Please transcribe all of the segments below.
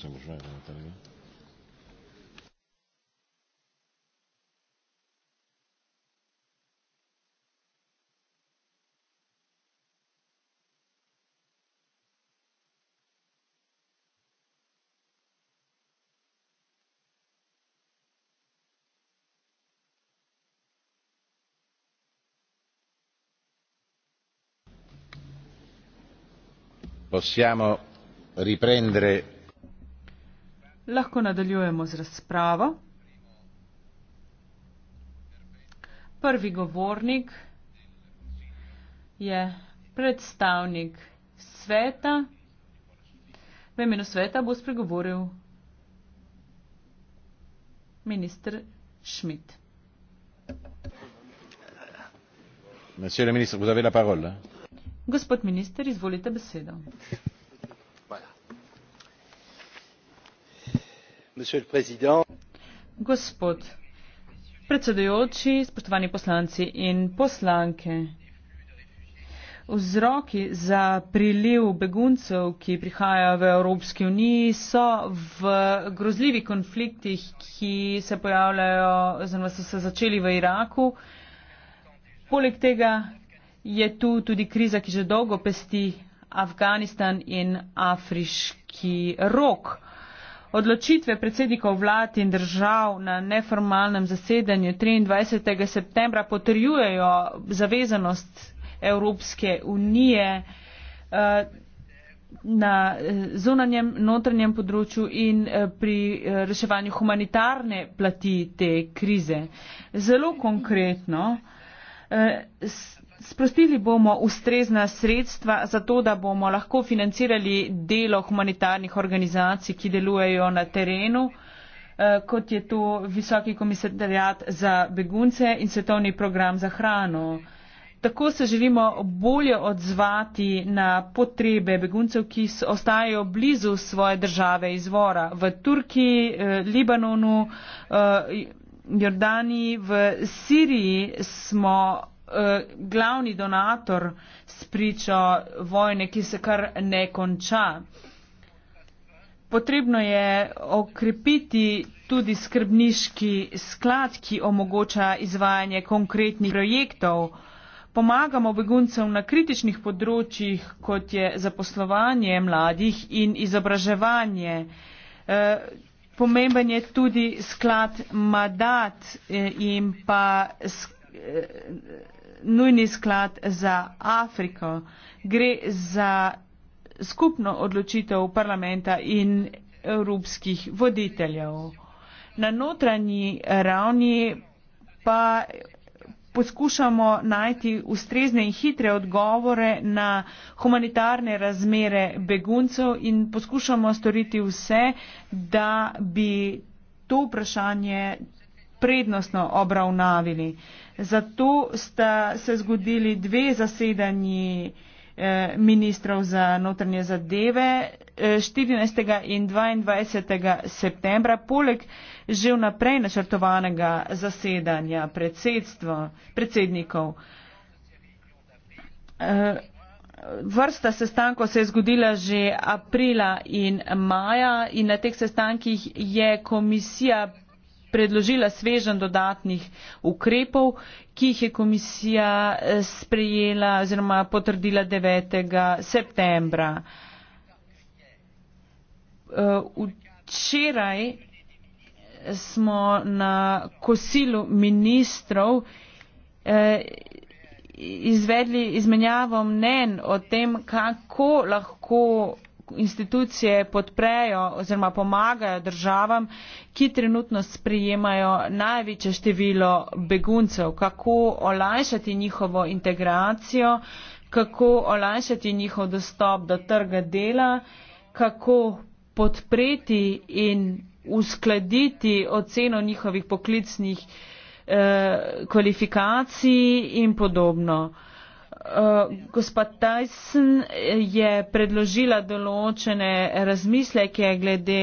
se možno je nadaljuje. possiamo riprendere lahko nadaljujemo z razpravo. Prvi govornik je predstavnik sveta. V imenu sveta bo spregovoril minister Schmidt. Gospod minister, izvolite besedo. gospod predsedujoči spoštovani poslanci in poslanke vzroki za priliv beguncev ki prihajajo v evropski uniji so v grozljivih konfliktih ki se pojavljajo oziroma so se začeli v iraku poleg tega je tu tudi kriza ki že dolgo pesti afganistan in afriški rok. Odločitve predsednikov vlad in držav na neformalnem zasedanju 23. septembra potrjujejo zavezanost Evropske unije eh, na eh, zunanjem, notranjem področju in eh, pri reševanju humanitarne plati te krize. Zelo konkretno, sprostili bomo ustrezna sredstva za to, da bomo lahko financirali delo humanitarnih organizacij, ki delujejo na terenu, eh, kot je to Visoki komisarjat za begunce in svetovni program za hrano. Tako se želimo bolje odzvati na potrebe beguncev, ki ostajajo blizu svoje države izvora v Turkiji, eh, Libanonu, eh, Jordani, v Siriji smo Eh, glavni donator spričo vojne, ki se kar ne konča. Potrebno je okrepiti tudi skrbniški sklad, ki omogoča izvajanje konkretnih projektov. Pomagamo beguncem na kritičnih področjih, kot je zaposlovanje mladih in izobraževanje. Eh, pomemben je tudi sklad Madat eh, in pa sklad nujni sklad za Afriko. Gre za skupno odločitev parlamenta in evropskih voditeljev. Na notranji ravni pa poskušamo najti ustrezne in hitre odgovore na humanitarne razmere beguncev in poskušamo storiti vse, da bi to vprašanje prednostno obravnavili. Zato sta se zgodili dve zasedanji eh, ministrov za notranje zadeve 14. Eh, in 22. septembra, poleg že vnaprej načrtovanega zasedanja predsednikov. Eh, vrsta sestankov se je zgodila že aprila in maja in na teh sestankih je komisija predložila svežen dodatnih ukrepov, ki jih je komisija eh, sprejela oziroma potrdila 9. septembra. Eh, včeraj smo na kosilu ministrov eh, izvedli izmenjavo mnen o tem, kako lahko institucije podprejo oziroma pomagajo državam, ki trenutno sprijemajo največje število beguncev, kako olajšati njihovo integracijo, kako olajšati njihov dostop do trga dela, kako podpreti in uskladiti oceno njihovih poklicnih eh, kvalifikacij in podobno. Eh, Eh, gospa Tyson eh, je predložila določene razmisleke glede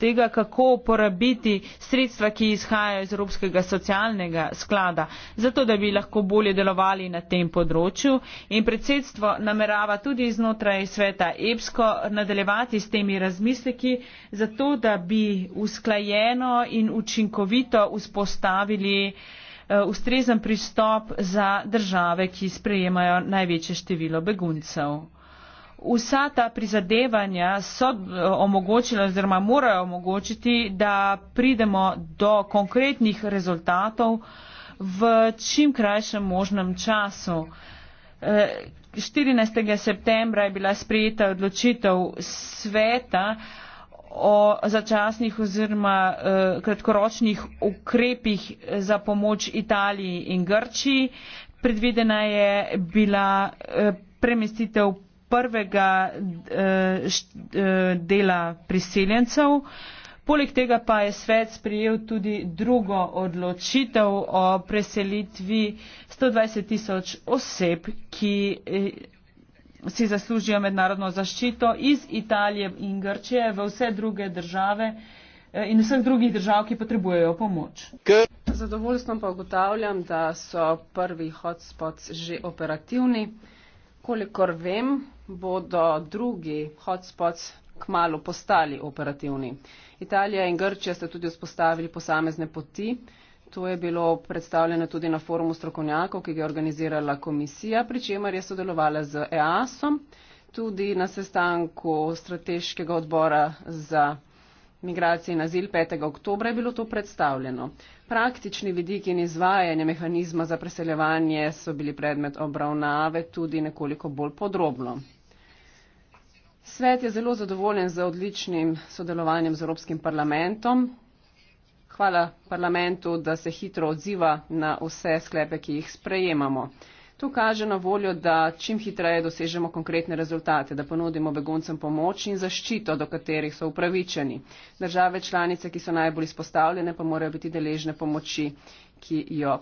tega, kako uporabiti sredstva, ki izhajajo iz Evropskega socialnega sklada, zato da bi lahko bolje delovali na tem področju. In predsedstvo namerava tudi znotraj sveta EPSKO nadaljevati s temi razmisleki, zato da bi usklajeno in učinkovito vzpostavili uh, Eh, ustrezen pristop za države, ki sprejemajo največje število beguncev. Vsa ta prizadevanja so eh, omogočila oziroma morajo omogočiti, da pridemo do konkretnih rezultatov v čim krajšem možnem času. 14. Eh, septembra je bila sprejeta odločitev sveta, o začasnih oziroma eh, kratkoročnih ukrepih za pomoč Italiji in Grčiji. Predvidena je bila eh, premestitev prvega eh, dela priseljencev. Poleg tega pa je svet sprejel tudi drugo odločitev o preselitvi 120 tisoč oseb, ki si zaslužijo mednarodno zaščito iz Italije in Grčije v vse druge države eh, in vseh drugih držav, ki potrebujejo pomoč. Zadovoljstvom pa ugotavljam, da so prvi hotspots že operativni. Kolikor vem, bodo drugi hotspots kmalo postali operativni. Italija in Grčija sta tudi vzpostavili posamezne poti. To je bilo predstavljeno tudi na forumu strokovnjakov, ki ga je organizirala komisija, pri čemer je sodelovala z EASom, tudi na sestanku strateškega odbora za migracije in azil 5. oktobra je bilo to predstavljeno. Praktični vidiki in izvajanje mehanizma za preseljevanje so bili predmet obravnave tudi nekoliko bolj podrobno. Svet je zelo zadovoljen z odličnim sodelovanjem z Evropskim parlamentom. Hvala parlamentu, da se hitro odziva na vse sklepe, ki jih sprejemamo. To kaže na voljo, da čim hitreje dosežemo konkretne rezultate, da ponudimo beguncem pomoč in zaščito, do katerih so upravičeni. Države članice, ki so najbolj izpostavljene, pa morajo biti deležne pomoči, jo,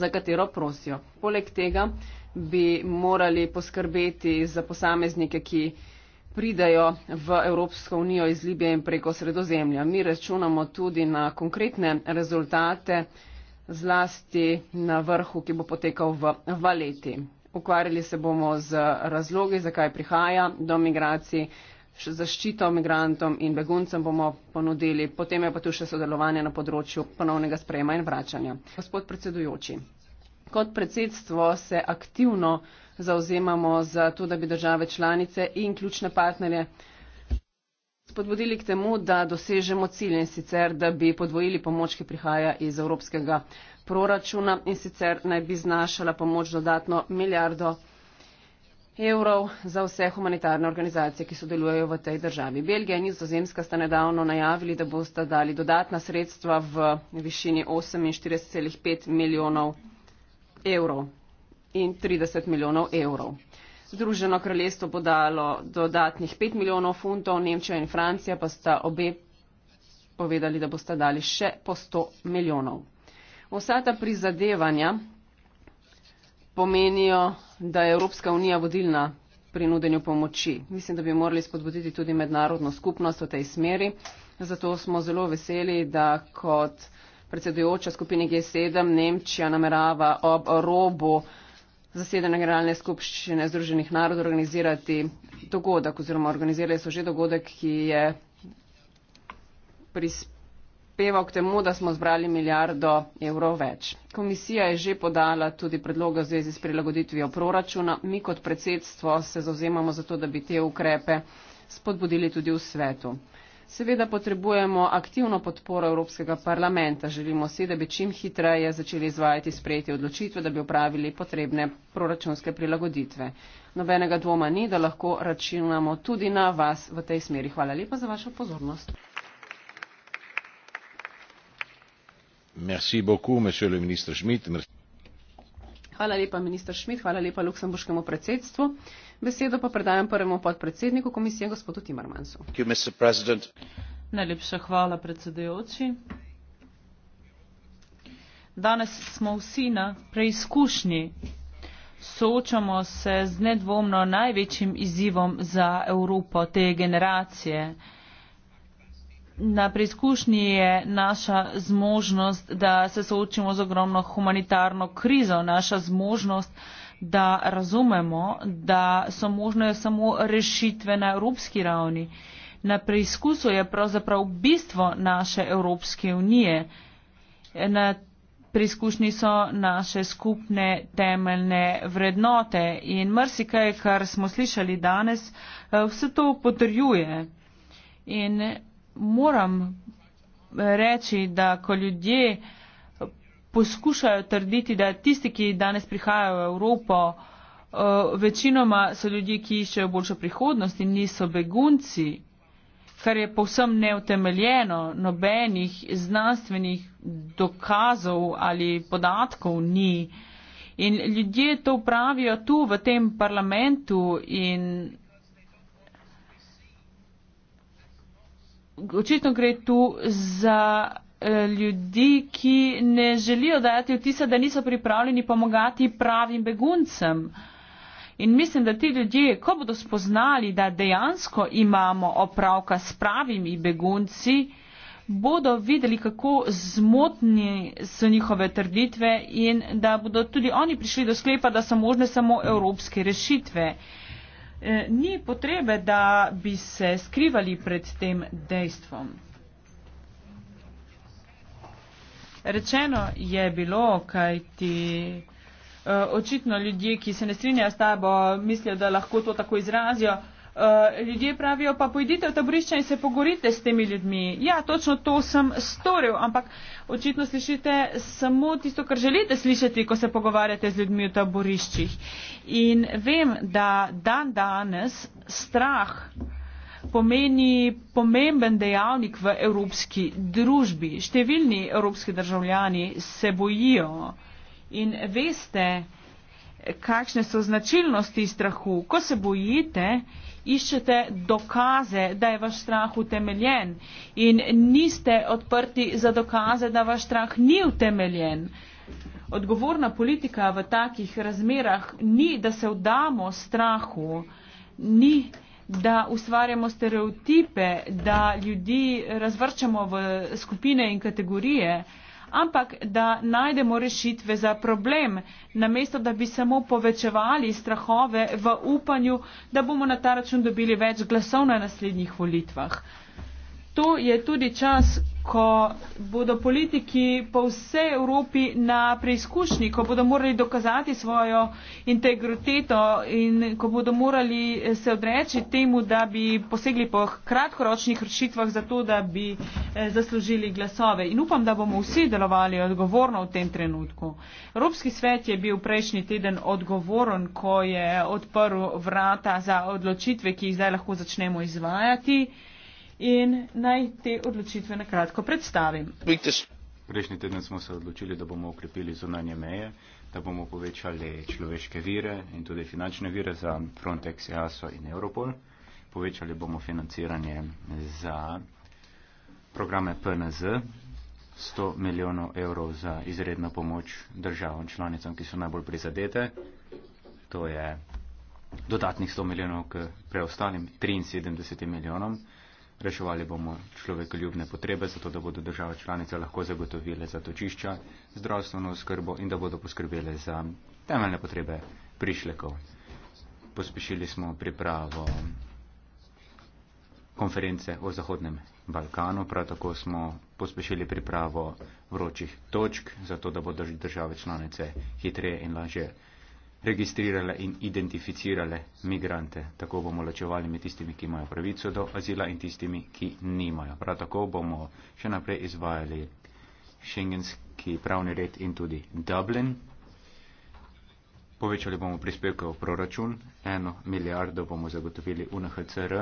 za katero prosijo. Poleg tega bi morali poskrbeti za posameznike, ki pridajo v Evropsko unijo iz Libije in preko sredozemlja. Mi računamo tudi na konkretne rezultate, zlasti na vrhu, ki bo potekal v Valeti. Ukvarjali se bomo z razlogi, zakaj prihaja do migracij, zaščito migrantom in beguncem bomo ponudili, potem je pa tu še sodelovanje na področju ponovnega sprejema in vračanja. Gospod predsedujoči. Kot predsedstvo se aktivno zauzemamo za to, da bi države članice in ključne partnerje spodbudili k temu, da dosežemo cilj in sicer, da bi podvojili pomoč, ki prihaja iz evropskega proračuna in sicer naj bi znašala pomoč dodatno milijardo evrov za vse humanitarne organizacije, ki sodelujejo v tej državi. Belgija in Nizozemska sta nedavno najavili, da boste dali dodatna sredstva v višini 48,5 milijonov evrov evrov in 30 milijonov evrov. Združeno kraljestvo bo dalo dodatnih 5 milijonov funtov, Nemčija in Francija pa sta obe povedali, da boste dali še po 100 milijonov. Vsa ta prizadevanja pomenijo, da je Evropska unija vodilna pri nudenju pomoči. Mislim, da bi morali spodbuditi tudi mednarodno skupnost v tej smeri. Zato smo zelo veseli, da kot predsedujoča skupine G7, Nemčija namerava ob robu zasedanja generalne skupščine Združenih narodov organizirati dogodek oziroma organizirali so že dogodek, ki je prispeval k temu, da smo zbrali milijardo evrov več. Komisija je že podala tudi predloge v zvezi s prilagoditvijo proračuna. Mi kot predsedstvo se zauzemamo za to, da bi te ukrepe spodbudili tudi v svetu. Seveda potrebujemo aktivno podporo Evropskega parlamenta. Želimo si, da bi čim hitreje začeli izvajati sprejeti odločitve, da bi upravili potrebne proračunske prilagoditve. Nobenega dvoma ni, da lahko računamo tudi na vas v tej smeri. Hvala lepa za vašo pozornost. Beaucoup, hvala lepa, minister Šmit, hvala lepa luksemburškemu predsedstvu. Besedo pa predajam prvemu podpredsedniku komisije, gospodu Timmermansu. Najlepša hvala, predsedujoči. Danes smo vsi na preizkušnji. Soočamo se z nedvomno največjim izzivom za Evropo te generacije. Na preizkušnji je naša zmožnost, da se soočimo z ogromno humanitarno krizo, naša zmožnost, da razumemo, da so možne samo rešitve na evropski ravni. Na preizkusu je pravzaprav bistvo naše Evropske unije. Na preizkušnji so naše skupne temeljne vrednote in mrsikaj, kar smo slišali danes, eh, vse to potrjuje. In moram reči, da ko ljudje poskušajo trditi, da tisti, ki danes prihajajo v Evropo, eh, večinoma so ljudje, ki iščejo boljšo prihodnost in niso begunci, kar je povsem neutemeljeno, nobenih znanstvenih dokazov ali podatkov ni. In ljudje to pravijo tu v tem parlamentu in očitno gre tu za Eh, ljudi, ki ne želijo dajati vtisa, da niso pripravljeni pomagati pravim beguncem. In mislim, da ti ljudje, ko bodo spoznali, da dejansko imamo opravka s pravimi begunci, bodo videli, kako zmotni so njihove trditve in da bodo tudi oni prišli do sklepa, da so možne samo evropske rešitve. Eh, ni potrebe, da bi se skrivali pred tem dejstvom. rečeno je bilo, kaj ti eh, očitno ljudje, ki se ne strinjajo s tabo, mislijo, da lahko to tako izrazijo. Eh, ljudje pravijo, pa pojdite v taborišče in se pogorite s temi ljudmi. Ja, točno to sem storil, ampak očitno slišite samo tisto, kar želite slišati, ko se pogovarjate z ljudmi v taboriščih. In vem, da dan danes strah pomeni pomemben dejavnik v evropski družbi. Številni evropski državljani se bojijo in veste, kakšne so značilnosti strahu. Ko se bojite, iščete dokaze, da je vaš strah utemeljen in niste odprti za dokaze, da vaš strah ni utemeljen. Odgovorna politika v takih razmerah ni, da se vdamo strahu, ni da ustvarjamo stereotipe, da ljudi razvrčamo v skupine in kategorije, ampak da najdemo rešitve za problem, namesto da bi samo povečevali strahove v upanju, da bomo na ta račun dobili več glasov na naslednjih volitvah to je tudi čas, ko bodo politiki po vsej Evropi na preizkušnji, ko bodo morali dokazati svojo integriteto in ko bodo morali se odreči temu, da bi posegli po kratkoročnih rešitvah za to, da bi eh, zaslužili glasove. In upam, da bomo vsi delovali odgovorno v tem trenutku. Evropski svet je bil prejšnji teden odgovoren, ko je odprl vrata za odločitve, ki jih zdaj lahko začnemo izvajati in naj te odločitve na kratko predstavim. Prejšnji teden smo se odločili, da bomo ukrepili zunanje meje, da bomo povečali človeške vire in tudi finančne vire za Frontex, EASO in Europol. Povečali bomo financiranje za programe PNZ, 100 milijonov evrov za izredno pomoč državam članicam, ki so najbolj prizadete. To je dodatnih 100 milijonov k preostalim 73 milijonom reševali bomo človekoljubne potrebe, zato da bodo države članice lahko zagotovile zatočišča, zdravstveno oskrbo in da bodo poskrbele za temeljne potrebe prišlekov. Pospešili smo pripravo konference o Zahodnem Balkanu, prav tako smo pospešili pripravo vročih točk, zato da bodo države članice hitreje in lažje registrirale in identificirale migrante. Tako bomo lačevali med tistimi, ki imajo pravico do azila in tistimi, ki nimajo. Prav tako bomo še naprej izvajali šengenski pravni red in tudi Dublin. Povečali bomo prispevke v proračun, eno milijardo bomo zagotovili v NHCR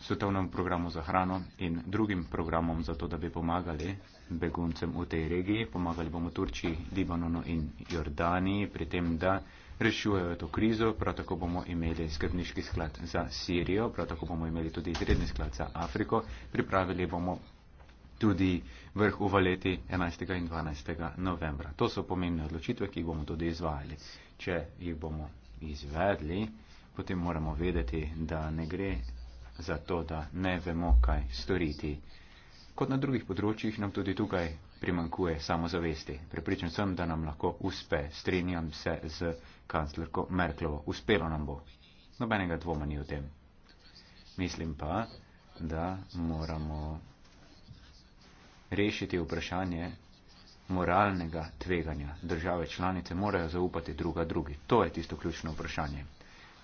svetovnemu programu za hrano in drugim programom za to, da bi pomagali beguncem v tej regiji. Pomagali bomo Turčiji, Libanonu in Jordaniji pri tem, da rešujejo to krizo. Prav tako bomo imeli skrbniški sklad za Sirijo, prav tako bomo imeli tudi izredni sklad za Afriko. Pripravili bomo tudi vrh v valeti 11. in 12. novembra. To so pomembne odločitve, ki jih bomo tudi izvajali. Če jih bomo izvedli, potem moramo vedeti, da ne gre zato, da ne vemo, kaj storiti. Kot na drugih področjih nam tudi tukaj primankuje samozavesti. Prepričan sem, da nam lahko uspe, strinjam se z kanclerko Merklovo. Uspelo nam bo. Nobenega dvoma ni o tem. Mislim pa, da moramo rešiti vprašanje moralnega tveganja. Države članice morajo zaupati druga drugi. To je tisto ključno vprašanje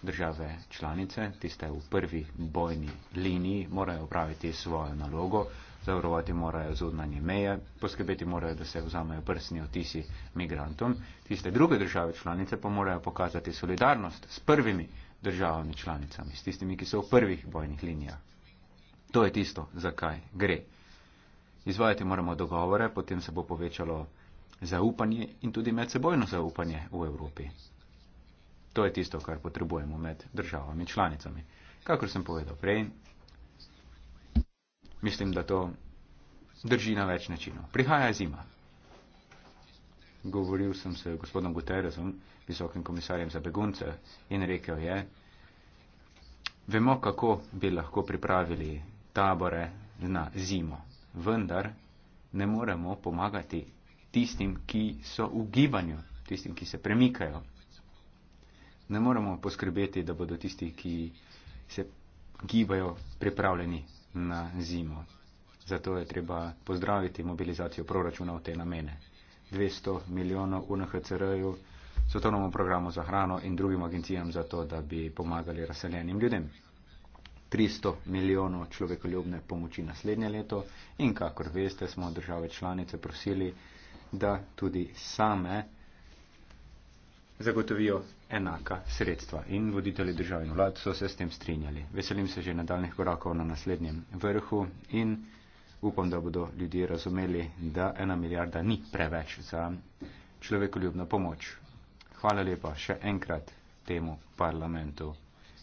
države članice, tiste v prvi bojni liniji, morajo upraviti svojo nalogo, zavarovati morajo zunanje meje, poskrbeti morajo, da se vzamejo prsni otisi migrantom, tiste druge države članice pa morajo pokazati solidarnost s prvimi državami članicami, s tistimi, ki so v prvih bojnih linijah. To je tisto, zakaj gre. Izvajati moramo dogovore, potem se bo povečalo zaupanje in tudi medsebojno zaupanje v Evropi. To je tisto, kar potrebujemo med državami članicami. Kakor sem povedal prej, mislim, da to drži na več načinov. Prihaja zima. Govoril sem s gospodom Guterresom, visokim komisarjem za begunce, in rekel je, vemo, kako bi lahko pripravili tabore na zimo, vendar ne moremo pomagati tistim, ki so v gibanju, tistim, ki se premikajo ne moremo poskrbeti, da bodo tisti, ki se gibajo, pripravljeni na zimo. Zato je treba pozdraviti mobilizacijo proračuna v te namene. 200 milijonov UNHCR-ju, svetovnemu programu za hrano in drugim agencijam za to, da bi pomagali razseljenim ljudem. 300 milijonov človekoljubne pomoči naslednje leto in, kakor veste, smo države članice prosili, da tudi same zagotovijo enaka sredstva. In voditelji držav in vlad so se s tem strinjali. Veselim se že nadaljnih korakov na naslednjem vrhu in upam, da bodo ljudje razumeli, da ena milijarda ni preveč za človekoljubno pomoč. Hvala lepa še enkrat temu parlamentu.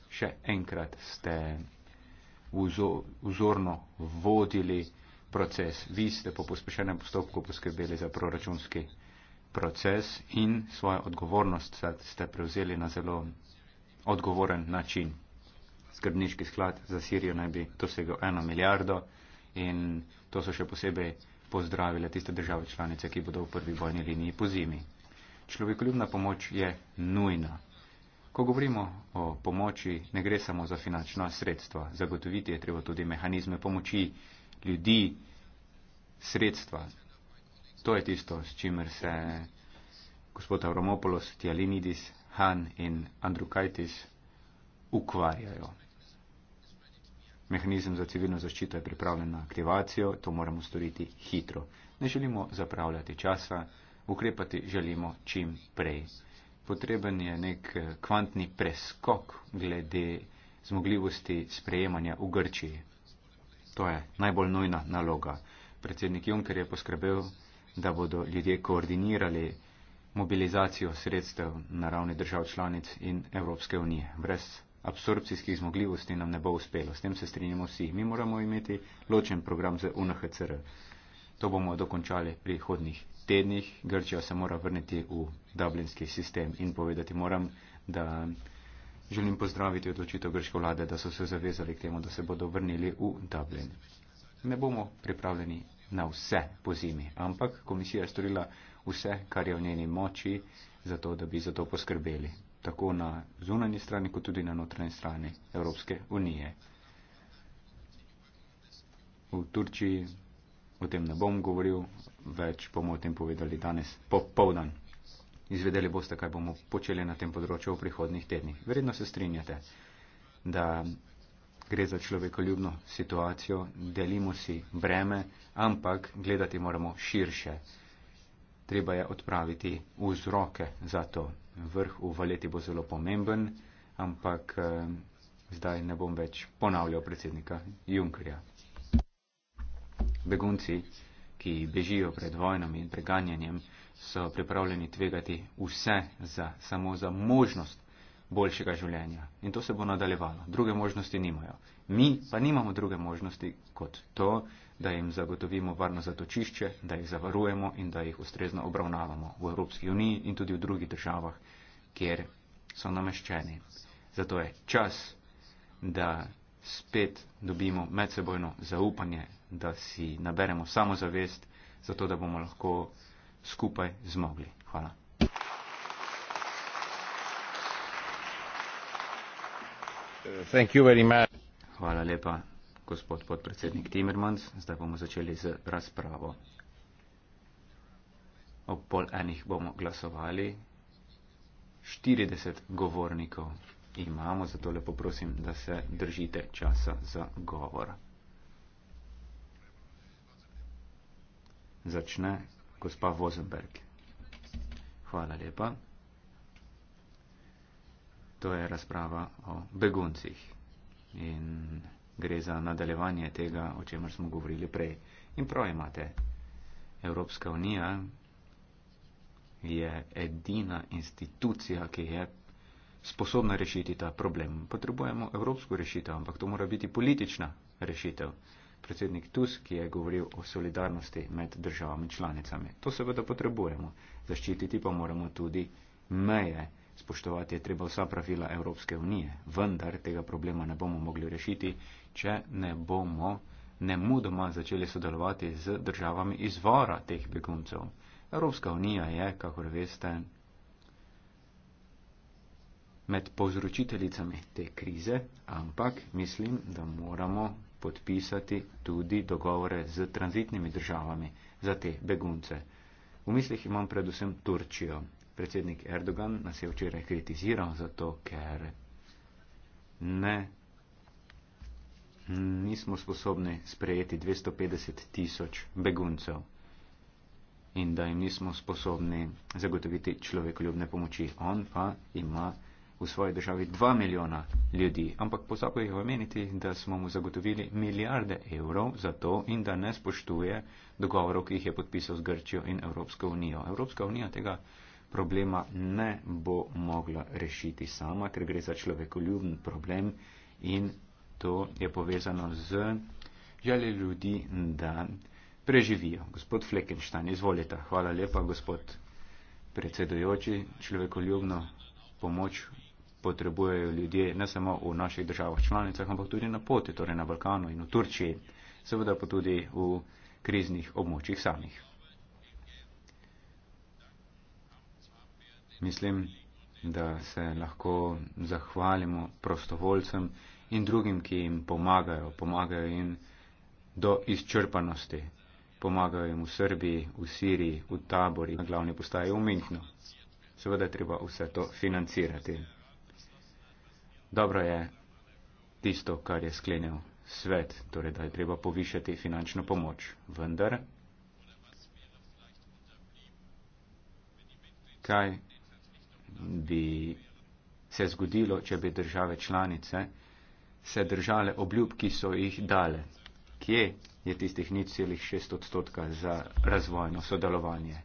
Še enkrat ste vzorno vodili proces. Vi ste po pospešenem postopku poskrbeli za proračunski proces in svojo odgovornost ste prevzeli na zelo odgovoren način. Skrbniški sklad za Sirijo naj bi dosegel eno milijardo in to so še posebej pozdravile tiste države članice, ki bodo v prvi bojni liniji po zimi. Človekoljubna pomoč je nujna. Ko govorimo o pomoči, ne gre samo za finančno sredstvo. Zagotoviti je treba tudi mehanizme pomoči ljudi, sredstva, To je tisto, s čimer se gospod Avromopolos, Tialinidis, Han in Andrukaitis ukvarjajo. Mehanizem za civilno zaščito je pripravljen na aktivacijo, to moramo storiti hitro. Ne želimo zapravljati časa, ukrepati želimo čim prej. Potreben je nek eh, kvantni preskok glede zmogljivosti sprejemanja v Grčiji. To je najbolj nujna naloga. Predsednik Juncker je poskrbel, da bodo ljudje koordinirali mobilizacijo sredstev na ravni držav članic in Evropske unije. Brez absorpcijskih zmogljivosti nam ne bo uspelo. S tem se strinjamo vsi. Mi moramo imeti ločen program za UNHCR. To bomo dokončali pri hodnih tednih. Grčija se mora vrniti v dublinski sistem in povedati moram, da želim pozdraviti odločitev grške vlade, da so se zavezali k temu, da se bodo vrnili v Dublin. Ne bomo pripravljeni na vse po zimi. Ampak komisija je storila vse, kar je v njeni moči, zato da bi za to poskrbeli. Tako na zunanji strani, kot tudi na notranji strani Evropske unije. V Turčiji o tem ne bom govoril, več bomo o tem povedali danes popovdan. Izvedeli boste, kaj bomo počeli na tem področju v prihodnih tednih. Verjetno se strinjate, da gre za človekoljubno situacijo, delimo si breme, ampak gledati moramo širše. Treba je odpraviti vzroke za to. Vrh v valeti bo zelo pomemben, ampak eh, zdaj ne bom več ponavljal predsednika Junkerja. Begunci, ki bežijo pred vojnami in preganjanjem, so pripravljeni tvegati vse za, samo za možnost boljšega življenja. In to se bo nadaljevalo. Druge možnosti nimajo. Mi pa nimamo druge možnosti kot to, da jim zagotovimo varno zatočišče, da jih zavarujemo in da jih ustrezno obravnavamo v Evropski uniji in tudi v drugih državah, kjer so nameščeni. Zato je čas, da spet dobimo medsebojno zaupanje, da si naberemo samozavest, zato da bomo lahko skupaj zmogli. Hvala. Hvala lepa, gospod podpredsednik Timmermans. Zdaj bomo začeli z razpravo. Ob pol enih bomo glasovali. 40 govornikov imamo, zato lepo prosim, da se držite časa za govor. Začne gospa Vozenberg. Hvala lepa. To je razprava o beguncih in gre za nadaljevanje tega, o čemer smo govorili prej. In prav imate, Evropska unija je edina institucija, ki je sposobna rešiti ta problem. Potrebujemo evropsko rešitev, ampak to mora biti politična rešitev. Predsednik Tusk je govoril o solidarnosti med državami članicami. To seveda potrebujemo. Zaščititi pa moramo tudi meje. Spoštovati je treba vsa pravila Evropske unije, vendar tega problema ne bomo mogli rešiti, če ne bomo ne mudoma začeli sodelovati z državami izvora teh beguncev. Evropska unija je, kakor veste, med povzročiteljicami te krize, ampak mislim, da moramo podpisati tudi dogovore z tranzitnimi državami za te begunce. V mislih imam predvsem Turčijo predsednik Erdogan nas je včeraj kritiziral zato, ker ne, nismo sposobni sprejeti 250 tisoč beguncev in da jim nismo sposobni zagotoviti človekoljubne pomoči. On pa ima v svoji državi 2 milijona ljudi, ampak pozabil je omeniti, da smo mu zagotovili milijarde evrov za to in da ne spoštuje dogovorov, ki jih je podpisal z Grčijo in Evropsko unijo. Evropska unija tega problema ne bo mogla rešiti sama, ker gre za človekoljubni problem in to je povezano z željo ljudi, da preživijo. Gospod Fleckenstein, izvolite. Hvala lepa, gospod predsedujoči. Človekoljubno pomoč potrebujejo ljudje ne samo v naših državah članicah, ampak tudi na poti, torej na Balkanu in v Turčiji, seveda pa tudi v kriznih območjih samih. Mislim, da se lahko zahvalimo prostovoljcem in drugim, ki jim pomagajo, pomagajo jim do izčrpanosti, pomagajo jim v Srbiji, v Siriji, v tabori, na glavni postaji v Minhnu. Seveda je treba vse to financirati. Dobro je tisto, kar je sklenil svet, torej da je treba povišati finančno pomoč. Vendar, kaj bi se zgodilo, če bi države članice se držale obljub, ki so jih dale. Kje je tistih 0,6 odstotka za razvojno sodelovanje?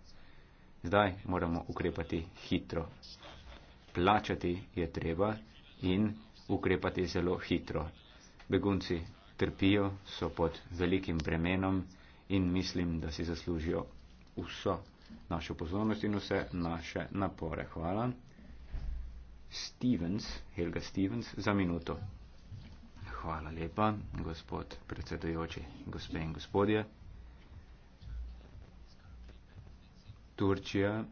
Zdaj moramo ukrepati hitro. Plačati je treba in ukrepati zelo hitro. Begunci trpijo, so pod velikim bremenom in mislim, da si zaslužijo vso našo pozornost in vse naše napore. Hvala. Stevens, Helga Stevens, za minuto. Hvala lepa, gospod predsedojoči, gospe in gospodje. Turčija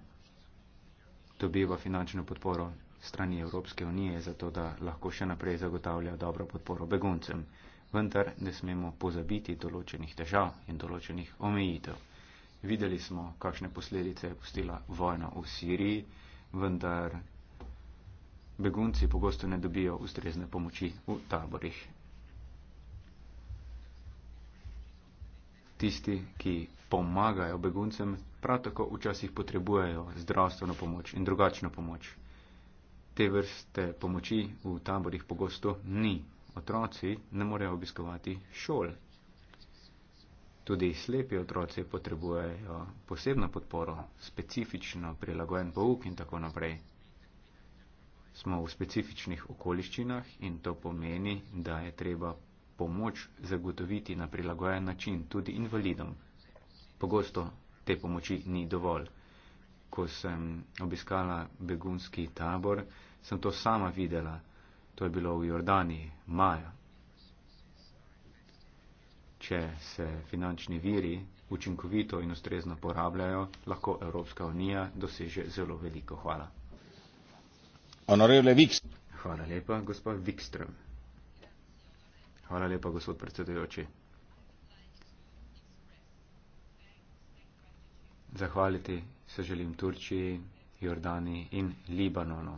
dobiva finančno podporo strani Evropske unije, zato da lahko še naprej zagotavlja dobro podporo beguncem. Vendar ne smemo pozabiti določenih težav in določenih omejitev. Videli smo, kakšne posledice je pustila vojna v Siriji, vendar begunci pogosto ne dobijo ustrezne pomoči v taborih. Tisti, ki pomagajo beguncem, prav tako včasih potrebujejo zdravstveno pomoč in drugačno pomoč. Te vrste pomoči v taborih pogosto ni. Otroci ne morejo obiskovati šol, Tudi slepi otroci potrebujejo posebno podporo, specifično prilagojen pouk in tako naprej. Smo v specifičnih okoliščinah in to pomeni, da je treba pomoč zagotoviti na prilagojen način tudi invalidom. Pogosto te pomoči ni dovolj. Ko sem obiskala begunski tabor, sem to sama videla. To je bilo v Jordani, maja če se finančni viri učinkovito in ustrezno porabljajo, lahko Evropska unija doseže zelo veliko. Hvala. Hvala lepa, gospod Vikström. Hvala lepa, gospod predsedujoči. Zahvaliti se želim Turčiji, Jordani in Libanonu.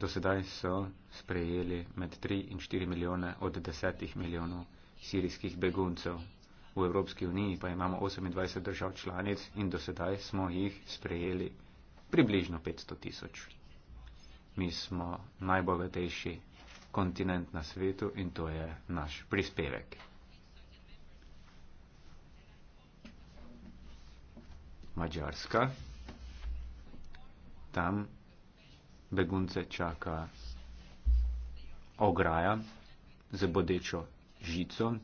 Do sedaj so sprejeli med 3 in 4 milijone od 10 milijonov sirijskih beguncev. V Evropski uniji pa imamo 28 držav članic in do sedaj smo jih sprejeli približno 500 tisoč. Mi smo najbogatejši kontinent na svetu in to je naš prispevek. Mačarska. Tam begunce čaka ograja z bodečo žico,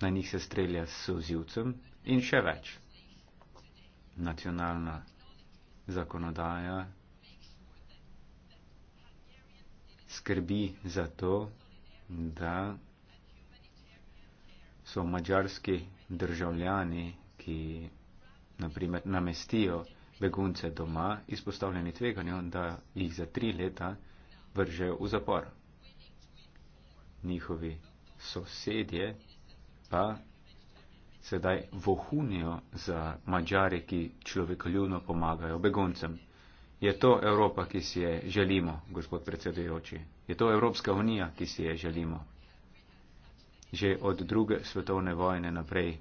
na njih se strelja s suzivcem in še več. Nacionalna zakonodaja skrbi za to, da so mađarski državljani, ki naprimer namestijo begunce doma, izpostavljeni tveganju, da jih za tri leta vržejo v zapor. Njihovi sosedje pa sedaj vohunijo za mačare, ki človekoljubno pomagajo beguncem. Je to Evropa, ki si je želimo, gospod predsedujoči? Je to Evropska unija, ki si je želimo? Že od druge svetovne vojne naprej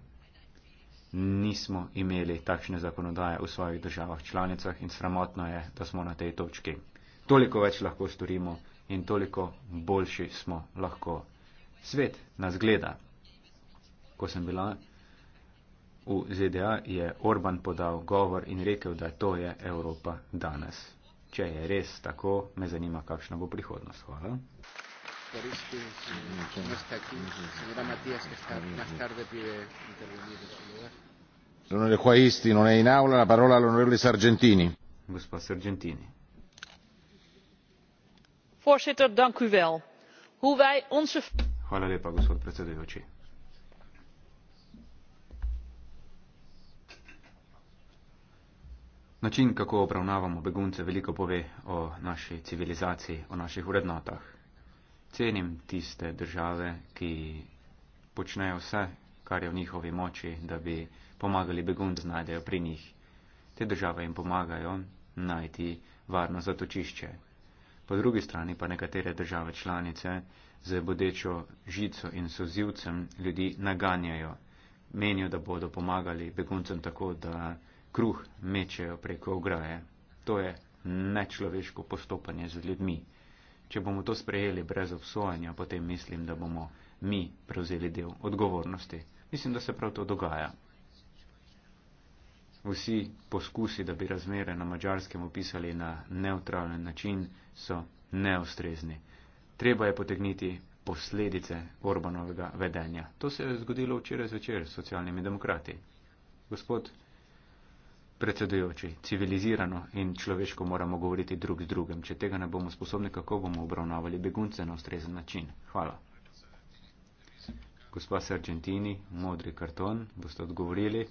nismo imeli takšne zakonodaje v svojih državah članicah in sramotno je, da smo na tej točki. Toliko več lahko storimo in toliko boljši smo lahko svet nas gleda. Ko sem bila v ZDA, je Orban podal govor in rekel, da to je Evropa danes. Če je res tako, me zanima, kakšna bo prihodnost. Hvala. Gospa Sargentini. Voorzitter, dank u wel. Hoe wij onze. Hvala lepa, gospod predsedujoči. Način, kako obravnavamo begunce, veliko pove o naši civilizaciji, o naših vrednotah. Cenim tiste države, ki počnejo vse, kar je v njihovi moči, da bi pomagali begunce, znajdejo pri njih. Te države jim pomagajo najti varno zatočišče po drugi strani pa nekatere države članice z bodečo žico in sozivcem ljudi naganjajo. Menijo, da bodo pomagali beguncem tako, da kruh mečejo preko ograje. To je nečloveško postopanje z ljudmi. Če bomo to sprejeli brez obsojanja, potem mislim, da bomo mi prevzeli del odgovornosti. Mislim, da se prav to dogaja. Vsi poskusi, da bi razmere na mačarskem opisali na neutralen način, so neustrezni. Treba je potegniti posledice Orbanovega vedenja. To se je zgodilo včeraj zvečer s socialnimi demokrati. Gospod predsedujoči, civilizirano in človeško moramo govoriti drug z drugim. Če tega ne bomo sposobni, kako bomo obravnavali begunce na ustrezen način? Hvala. Gospa Sargentini, modri karton, boste odgovorili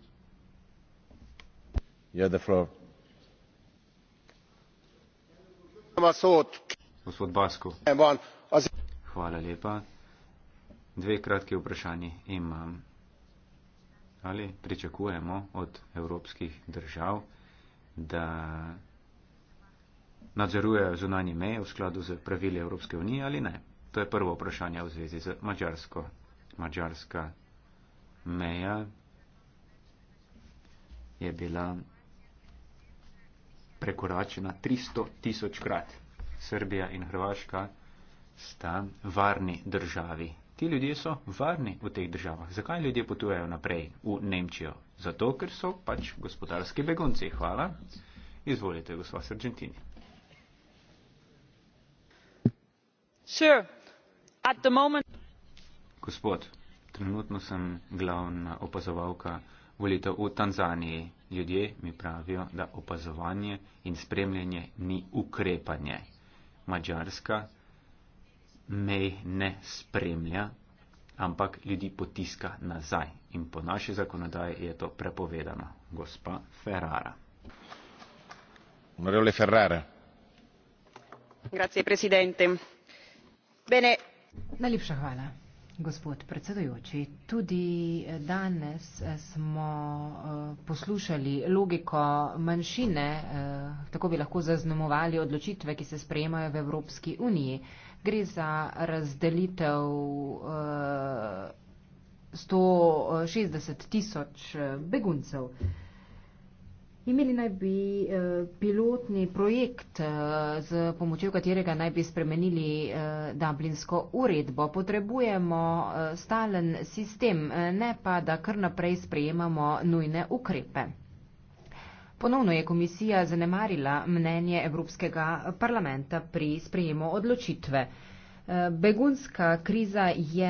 gospod basco dve kratki vprašanji imam najprej je bila evropska komisija oziroma ali pričakujemo od evropskih držav da nadzorujejo zunanje meje v skladu z pravili evropske unije ali ne to je prvo vprašanje v zvezi z madžarsko madžarska meja je bila prekoračena 300 tisoč krat. Srbija in Hrvaška sta varni državi. Ti ljudje so varni v teh državah. Zakaj ljudje potujejo naprej v Nemčijo? Zato, ker so pač gospodarski begunci. Hvala. Izvolite, gospa Sargentini. Sir, at the moment. Gospod, trenutno sem glavna opazovalka volitev v Tanzaniji. Ljudje mi pravijo, da opazovanje in spremljanje ni ukrepanje. Mačarska mej ne spremlja, ampak ljudi potiska nazaj. In po naši zakonodaji je to prepovedano, gospa Ferrara. Onorevole Ferrara. Grazie, Presidente. Bene. Najlepša hvala. Gospod predsedujoči, tudi danes eh, smo eh, poslušali logiko manjšine, eh, tako bi lahko zaznamovali odločitve, ki se sprejemajo v Evropski uniji. Gre za razdelitev 160 tisoč beguncev. Imeli naj bi eh, pilotni projekt, eh, z pomočjo katerega naj bi spremenili eh, Dublinsko uredbo. Potrebujemo stalen sistem, ne pa, da kar naprej sprejemamo nujne ukrepe. Ponovno je komisija zanemarila mnenje Evropskega parlamenta pri sprejemu odločitve. Eh, begunska kriza je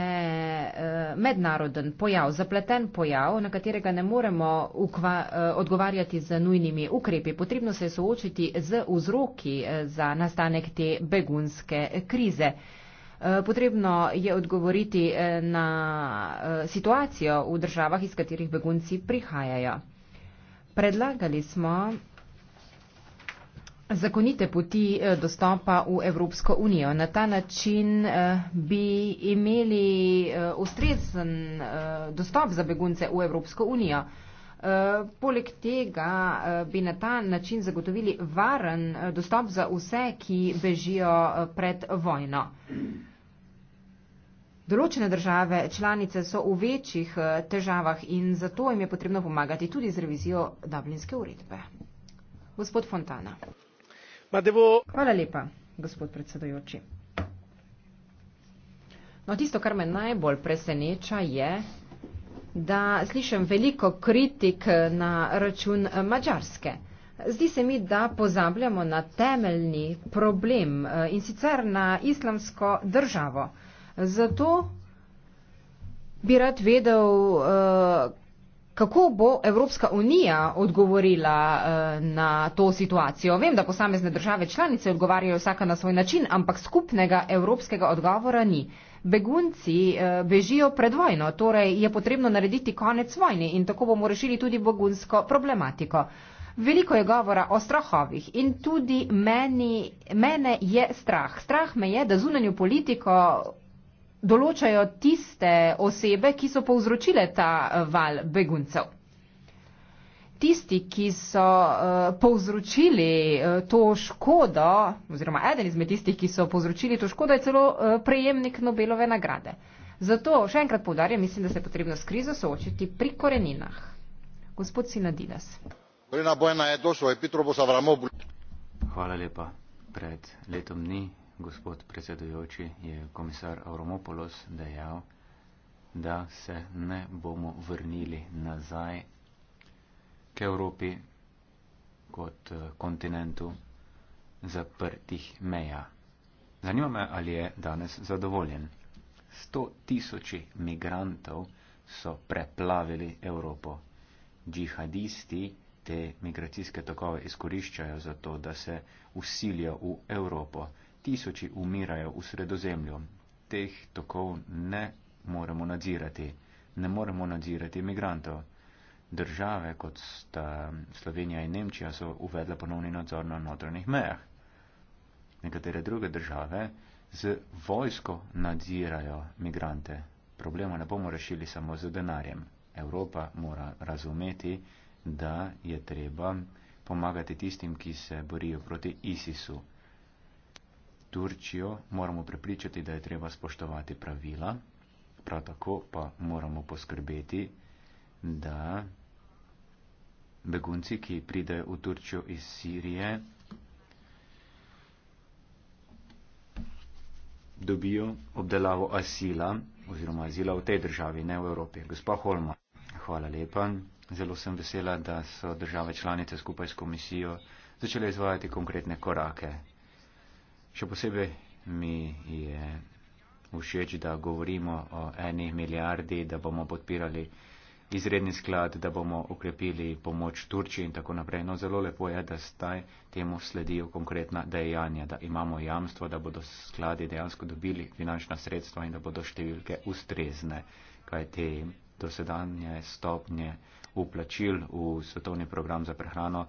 eh, mednaroden pojav, zapleten pojav, na katerega ne moremo eh, odgovarjati z nujnimi ukrepi. Potrebno se je soočiti z vzroki za nastanek te begunske krize. Potrebno je odgovoriti na situacijo v državah, iz katerih begunci prihajajo. Predlagali smo zakonite poti eh, dostopa v Evropsko unijo. Na ta način eh, bi imeli eh, ustrezen dostop za begunce v Evropsko unijo. Poleg tega bi na ta način zagotovili varen dostop za vse, ki bežijo pred vojno. Določene države članice so v večjih težavah in zato jim je potrebno pomagati tudi z revizijo Dublinske uredbe. Gospod Fontana. Ma devo... Hvala lepa, gospod predsedujoči. No, tisto, kar me najbolj preseneča, je, da slišim veliko kritik na račun eh, Mačarske. Zdi se mi, da pozabljamo na temeljni problem eh, in sicer na islamsko državo. Zato bi rad vedel, eh, Kako bo Evropska unija odgovorila eh, na to situacijo? Vem, da posamezne države članice odgovarjajo vsaka na svoj način, ampak skupnega evropskega odgovora ni. Begunci eh, bežijo pred vojno, torej je potrebno narediti konec vojni in tako bomo rešili tudi begunsko problematiko. Veliko je govora o strahovih in tudi meni, mene je strah. Strah me je, da zunanjo politiko določajo tiste osebe, ki so povzročile ta eh, val beguncev. Tisti, ki so eh, povzročili eh, to škodo, oziroma eden izmed tistih, ki so povzročili to škodo, je celo prejemnik Nobelove nagrade. Zato še enkrat povdarjam, mislim, da se je potrebno s krizo soočiti pri koreninah. Gospod Sinadinas. Hvala lepa. Pred letom dni gospod predsedujoči je komisar Avromopolos dejal, da se ne bomo vrnili nazaj k Evropi kot eh, kontinentu zaprtih meja. Zanima me, ali je danes zadovoljen. Sto tisoči migrantov so preplavili Evropo. Džihadisti te migracijske tokove izkoriščajo za to, da se usilijo v Evropo tisoči umirajo v sredozemlju. Teh tokov ne moremo nadzirati. Ne moremo nadzirati imigrantov. Države, kot sta Slovenija in Nemčija, so uvedle ponovni nadzor na notranjih mejah. Nekatere druge države z vojsko nadzirajo imigrante. Problema ne bomo rešili samo z denarjem. Evropa mora razumeti, da je treba pomagati tistim, ki se borijo proti ISIS-u. Turčijo moramo prepričati, da je treba spoštovati pravila, prav tako pa moramo poskrbeti, da begunci, ki pridejo v Turčijo iz Sirije, dobijo obdelavo asila oziroma azila v tej državi, ne v Evropi. Gospa Holma, hvala lepa. Zelo sem vesela, da so države članice skupaj s komisijo začele izvajati konkretne korake Še posebej mi je všeč, da govorimo o eni milijardi, da bomo podpirali izredni sklad, da bomo ukrepili pomoč Turčiji in tako naprej. No, zelo lepo je, da staj temu sledijo konkretna dejanja, da imamo jamstvo, da bodo skladi dejansko dobili finančna sredstva in da bodo številke ustrezne, kaj te dosedanje stopnje uplačil v svetovni program za prehrano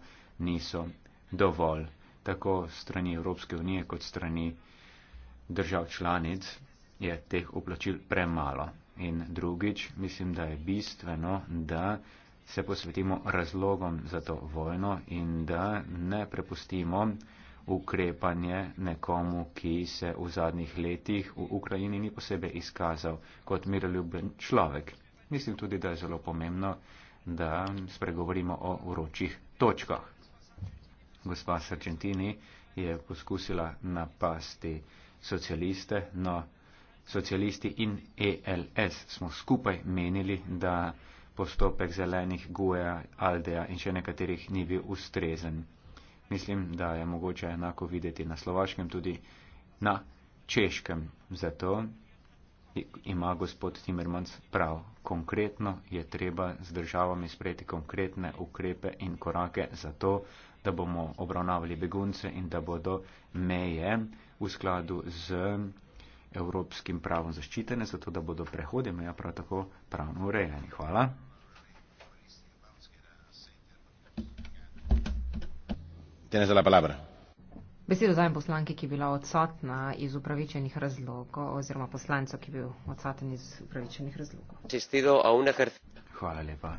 niso dovolj tako strani Evropske unije kot strani držav članic, je teh uplačil premalo. In drugič, mislim, da je bistveno, da se posvetimo razlogom za to vojno in da ne prepustimo ukrepanje nekomu, ki se v zadnjih letih v Ukrajini ni posebej izkazal kot miroljuben človek. Mislim tudi, da je zelo pomembno, da spregovorimo o vročih točkah gospa Sargentini je poskusila napasti socialiste, no socialisti in ELS smo skupaj menili, da postopek zelenih Gueja, Aldeja in še nekaterih ni bil ustrezen. Mislim, da je mogoče enako videti na slovaškem, tudi na češkem. Zato ima gospod Timmermans prav. Konkretno je treba z državami sprejeti konkretne ukrepe in korake za to, da bomo obravnavali begunce in da bodo meje v skladu z evropskim pravom zaščitene, zato da bodo prehode meja prav tako pravno urejeni. Hvala. Besedo zajem poslanki, ki je bila odsotna iz upravičenih razlogov, oziroma poslancu, ki je bil odsoten iz upravičenih razlogov. Hvala lepa.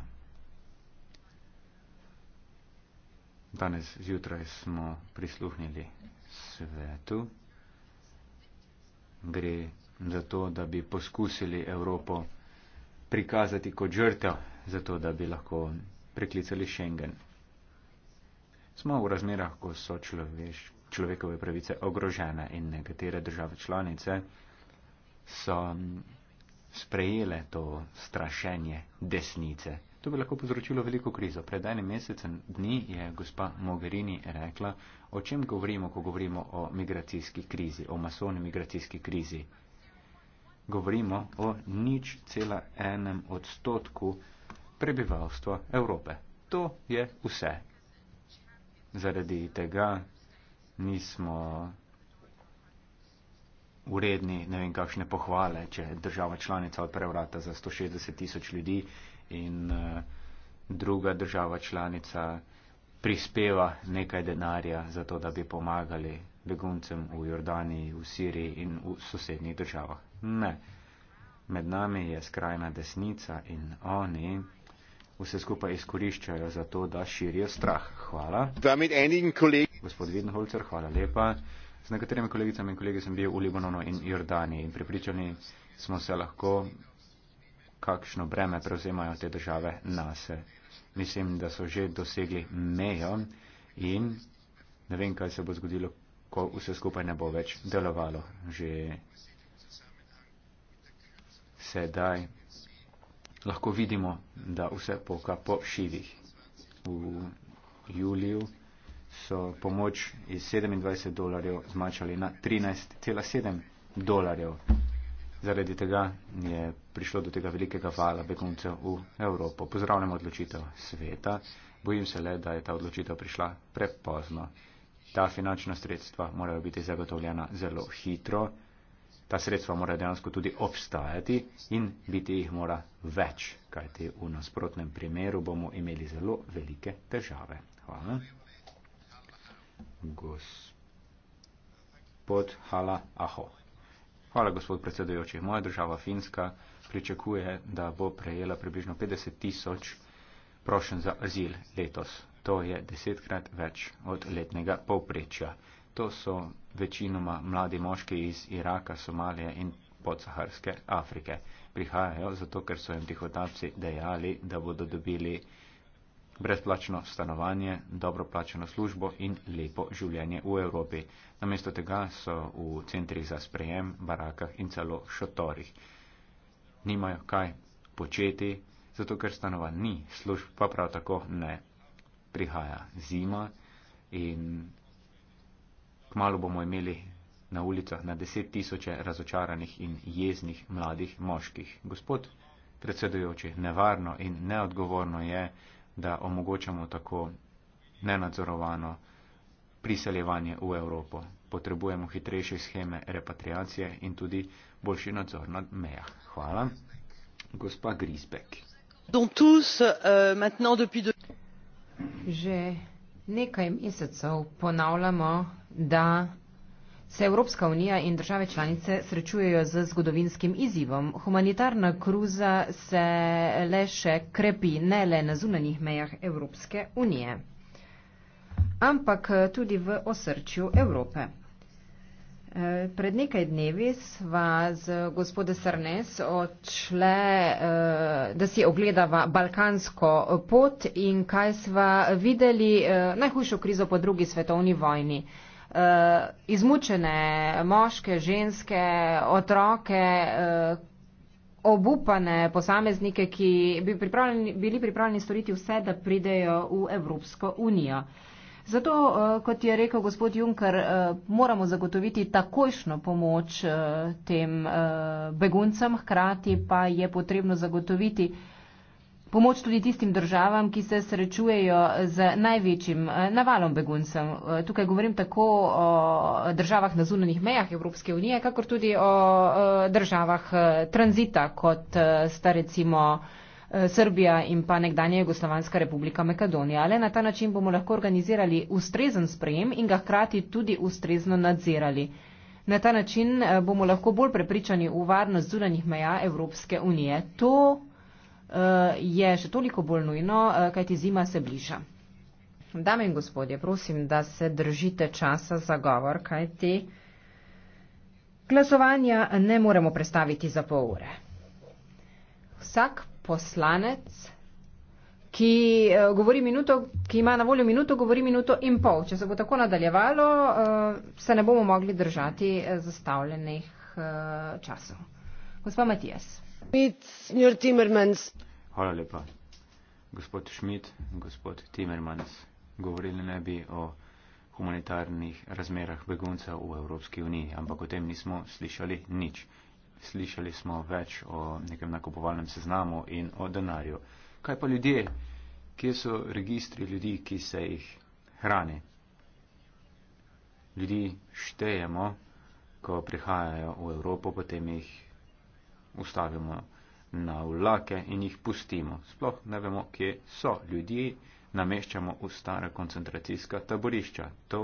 Danes zjutraj smo prisluhnili svetu. Gre za to, da bi poskusili Evropo prikazati kot žrtev, zato da bi lahko priklicali Schengen. Smo v razmerah, ko so človeš, človekove pravice ogrožene in nekatere države članice so sprejele to strašenje desnice. To bi lahko povzročilo veliko krizo. Pred enim mesecem dni je gospa Mogherini rekla, o čem govorimo, ko govorimo o migracijski krizi, o masovni migracijski krizi. Govorimo o nič cela enem odstotku prebivalstva Evrope. To je vse. Zaradi tega nismo uredni, ne vem kakšne pohvale, če država članica odpre vrata za 160 tisoč ljudi in eh, druga država članica prispeva nekaj denarja za to, da bi pomagali beguncem v Jordaniji, v Siriji in v sosednjih državah. Ne. Med nami je skrajna desnica in oni vse skupaj izkoriščajo za to, da širijo strah. Hvala. Gospod Widenholzer, hvala lepa. Z nekaterimi kolegicami in kolegi sem bil v Libanonu in Jordaniji in pripričani smo se lahko, kakšno breme prevzemajo te države na se. Mislim, da so že dosegli mejo in ne vem, kaj se bo zgodilo, ko vse skupaj ne bo več delovalo. Že sedaj lahko vidimo, da vse poka po šivih. V juliju so pomoč iz 27 dolarjev zmačali na 13,7 dolarjev. Zaradi tega je prišlo do tega velikega vala beguncev v Evropo. Pozdravljamo odločitev sveta. Bojim se le, da je ta odločitev prišla prepozno. Ta finančna sredstva morajo biti zagotovljena zelo hitro. Ta sredstva mora dejansko tudi obstajati in biti jih mora več, kajti v nasprotnem primeru bomo imeli zelo velike težave. Hvala. Gospod Hala Aho. Hvala, gospod predsedujoči. Moja država Finska pričakuje, da bo prejela približno 50 tisoč prošen za azil letos. To je desetkrat več od letnega povprečja. To so večinoma mladi moški iz Iraka, Somalije in podsaharske Afrike. Prihajajo zato, ker so jim tihotapci dejali, da bodo dobili brezplačno stanovanje, dobro plačeno službo in lepo življenje v Evropi. Namesto tega so v centrih za sprejem, barakah in celo šotorih nimajo kaj početi, zato ker stanovanj ni, služb pa prav tako ne. Prihaja zima in kmalo bomo imeli na ulicah na deset tisoče razočaranih in jeznih mladih moških. Gospod predsedujoči, nevarno in neodgovorno je, da omogočamo tako nenadzorovano priseljevanje v Evropo. Potrebujemo hitrejše scheme repatriacije in tudi boljši nadzor nad mejah. Hvala. Gospa Grisbek. Euh, Že nekaj mesecev ponavljamo, da se Evropska unija in države članice srečujejo z zgodovinskim izzivom. Humanitarna kruza se le še krepi, ne le na zunanjih mejah Evropske unije, ampak tudi v osrčju Evrope. Eh, pred nekaj dnevi sva z gospode Srnes odšle, eh, da si ogledava balkansko eh, pot in kaj sva videli najhujšo krizo po drugi svetovni vojni. Izmučene moške, ženske, otroke, obupane posameznike, ki bi pripravljeni, bili pripravljeni storiti vse, da pridejo v Evropsko unijo. Zato, eh, kot je rekel gospod Juncker, eh, moramo zagotoviti takojšno pomoč eh, tem beguncem, hkrati pa je potrebno zagotoviti pomoč tudi tistim državam, ki se srečujejo z največjim navalom beguncem. Tukaj govorim tako o državah na zunanih mejah Evropske unije, kakor tudi o državah tranzita, kot sta recimo. Eh, Srbija in pa nekdanja Jugoslovanska republika Makedonija. Le na ta način bomo lahko organizirali ustrezen sprejem in ga hkrati tudi ustrezno nadzirali. Na ta način eh, bomo lahko bolj prepričani v varnost zunanjih meja Evropske unije. To eh, je še toliko bolj nujno, kajti zima se bliža. Dame in gospodje, prosim, da se držite časa za govor, kajti glasovanja ne moremo prestaviti za pol ure. Vsak poslanec, ki uh, govori minuto, ki ima na voljo minuto, govori minuto in pol. Če se bo tako nadaljevalo, uh, se ne bomo mogli držati eh, zastavljenih uh, časov. Gospod Matijas. Hvala lepa. Gospod Šmit, gospod Timmermans, govorili ne bi o humanitarnih razmerah beguncev v Evropski uniji, ampak o tem nismo slišali nič slišali smo več o nekem nakupovalnem seznamu in o denarju. Kaj pa ljudje? Kje so registri ljudi, ki se jih hrani? Ljudi štejemo, ko prihajajo v Evropo, potem jih ustavimo na vlake in jih pustimo. Sploh ne vemo, kje so ljudje, nameščamo v stara koncentracijska taborišča. To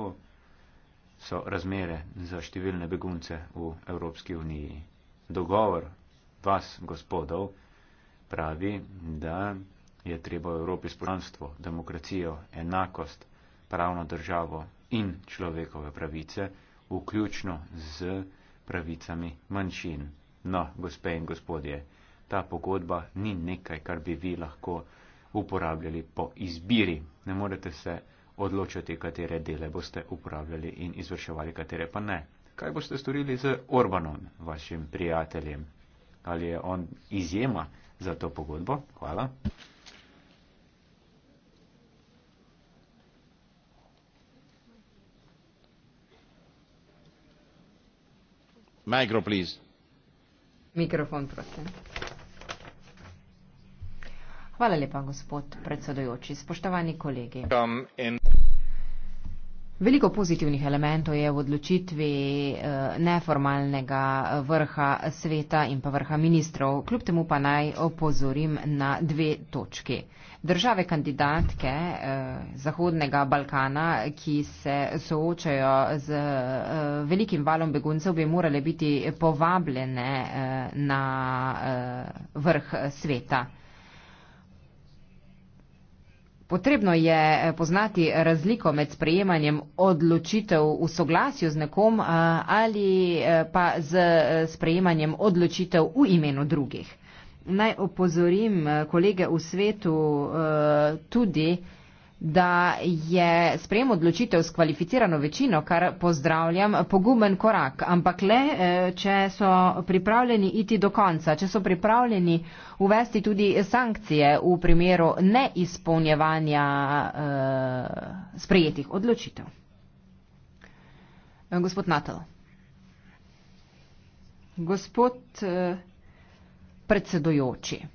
so razmere za številne begunce v Evropski uniji dogovor vas, gospodov, pravi, da je treba v Evropi spoštovanstvo, demokracijo, enakost, pravno državo in človekove pravice, vključno z pravicami manjšin. No, gospe in gospodje, ta pogodba ni nekaj, kar bi vi lahko uporabljali po izbiri. Ne morete se odločiti, katere dele boste uporabljali in izvrševali, katere pa ne kaj boste storili z Orbanom, vašim prijateljem? Ali je on izjema za to pogodbo? Hvala. Micro, Mikrofon, prosim. Hvala lepa, gospod predsedujoči. Spoštovani kolegi. Um, in... Veliko pozitivnih elementov je v odločitvi eh, neformalnega eh, vrha sveta in pa vrha ministrov. Kljub temu pa naj opozorim na dve točki. Države kandidatke eh, Zahodnega Balkana, ki se soočajo z velikim valom beguncev, bi morale biti povabljene na vrh sveta. Potrebno je eh, poznati razliko med sprejemanjem odločitev v soglasju z nekom eh, ali eh, pa z sprejemanjem odločitev v imenu drugih. Naj opozorim kolege v svetu tudi, da je sprejem odločitev s kvalificirano večino, kar pozdravljam, pogumen korak, ampak le, eh, če so pripravljeni iti do konca, če so pripravljeni uvesti tudi sankcije v primeru neizpolnjevanja eh, sprejetih odločitev. Eh, gospod Natal. Gospod eh, predsedojoči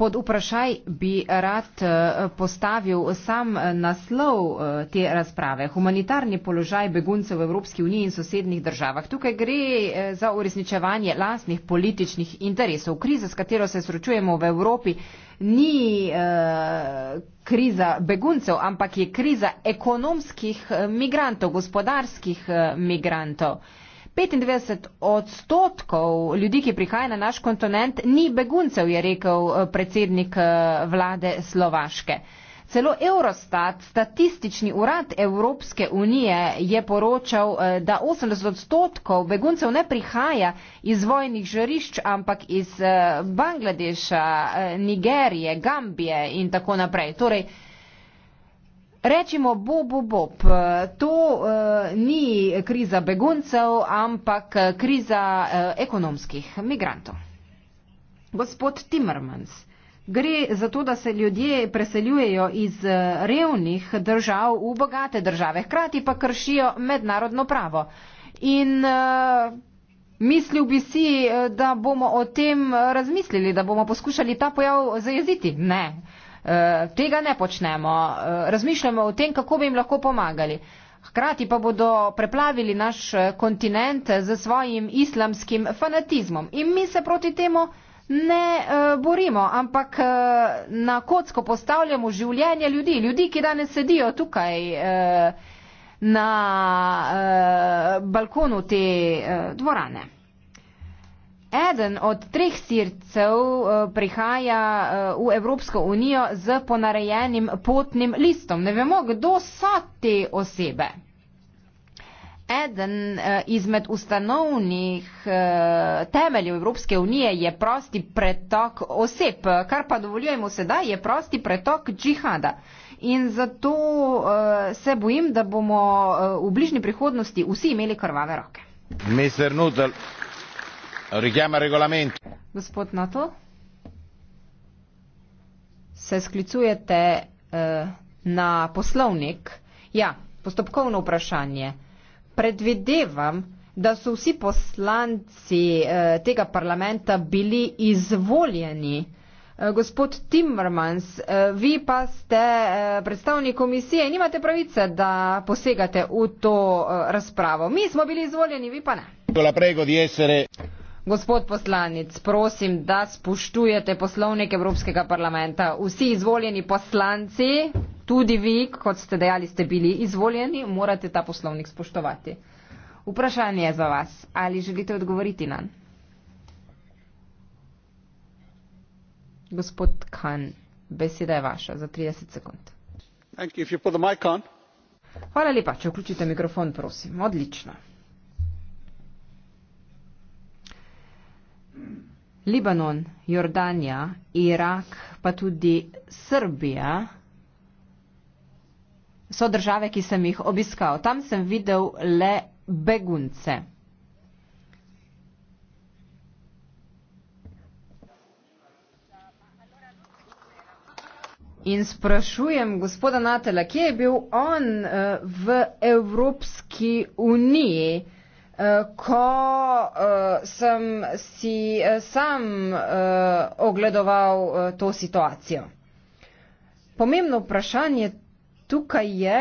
pod vprašaj bi rad eh, postavil sam eh, naslov eh, te razprave. Humanitarni položaj beguncev v Evropski uniji in sosednjih državah. Tukaj gre za uresničevanje lastnih političnih interesov. Kriza, s katero se srečujemo v Evropi, ni kriza beguncev, ampak je kriza ekonomskih migrantov, gospodarskih migrantov. 95 odstotkov ljudi, ki prihaja na naš kontinent, ni beguncev, je rekel eh, predsednik eh, vlade Slovaške. Celo Eurostat, statistični urad Evropske unije, je poročal, eh, da 80 odstotkov beguncev ne prihaja iz vojnih žarišč, ampak iz Bangladeša, Nigerije, Gambije in tako naprej. Torej, Rečemo bob, bob, to eh, ni kriza beguncev, ampak kriza eh, ekonomskih migrantov. Gospod Timmermans, gre za to, da se ljudje preseljujejo iz eh, revnih držav v bogate države, hkrati pa kršijo mednarodno pravo. In eh, mislil bi si, eh, da bomo o tem eh, razmislili, da bomo poskušali ta pojav zajeziti. Ne. Eh, Eh, tega ne počnemo, eh, razmišljamo o tem, kako bi jim lahko pomagali. Hkrati pa bodo preplavili naš eh, kontinent z svojim islamskim fanatizmom in mi se proti temu ne borimo, ampak na kocko postavljamo življenje ljudi, ljudi, ki danes sedijo tukaj na balkonu te dvorane. Eden od treh sircev eh, prihaja eh, v Evropsko unijo z ponarejenim potnim listom. Ne vemo, kdo so te osebe. Eden eh, izmed ustanovnih temeljev Evropske unije je prosti pretok oseb, kar pa dovoljujemo sedaj, je prosti pretok džihada. In zato se bojim, da bomo v bližnji prihodnosti vsi imeli krvave roke richiama il regolamento. Gospod Nato, se sklicujete eh, na poslovnik, ja, postopkovno vprašanje. Predvidevam, da so vsi poslanci eh, tega parlamenta bili izvoljeni. Eh, gospod Timmermans, eh, vi pa ste eh, predstavnik komisije in imate pravice, da posegate v to eh, razpravo. Mi smo bili izvoljeni, vi pa ne. Gospod poslanec, prosim, da spoštujete poslovnik Evropskega parlamenta. Vsi izvoljeni poslanci, tudi vi, kot ste dejali, ste bili izvoljeni, morate ta poslovnik spoštovati. Vprašanje je za vas. Ali želite odgovoriti na? Gospod Khan, beseda je vaša za 30 sekund. Hvala lepa, če vključite mikrofon, prosim. Odlično. Libanon, Jordanija, Irak, pa tudi Srbija so države, ki sem jih obiskal. Tam sem videl le begunce. In sprašujem gospoda Natela, kje je bil on eh, v Evropski uniji? Eh, ko eh, sem si eh, sam ogledoval to situacijo. Pomembno vprašanje tukaj je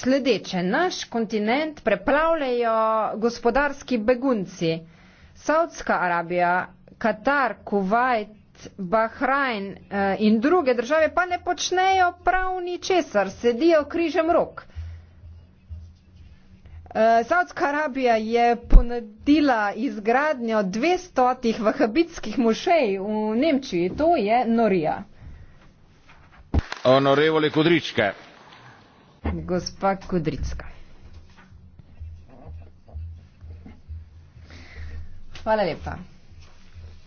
sledeče. Naš kontinent preplavljajo gospodarski begunci. Saudska Arabija, Katar, Kuwait, Bahrajn in druge države pa ne počnejo prav ničesar, sedijo križem rok. Eh, Saudska Arabija je ponudila izgradnjo 200 vahabitskih mošej v Nemčiji. To je norija. Honorevole Kudričke. Gospa Kudrička. Hvala lepa,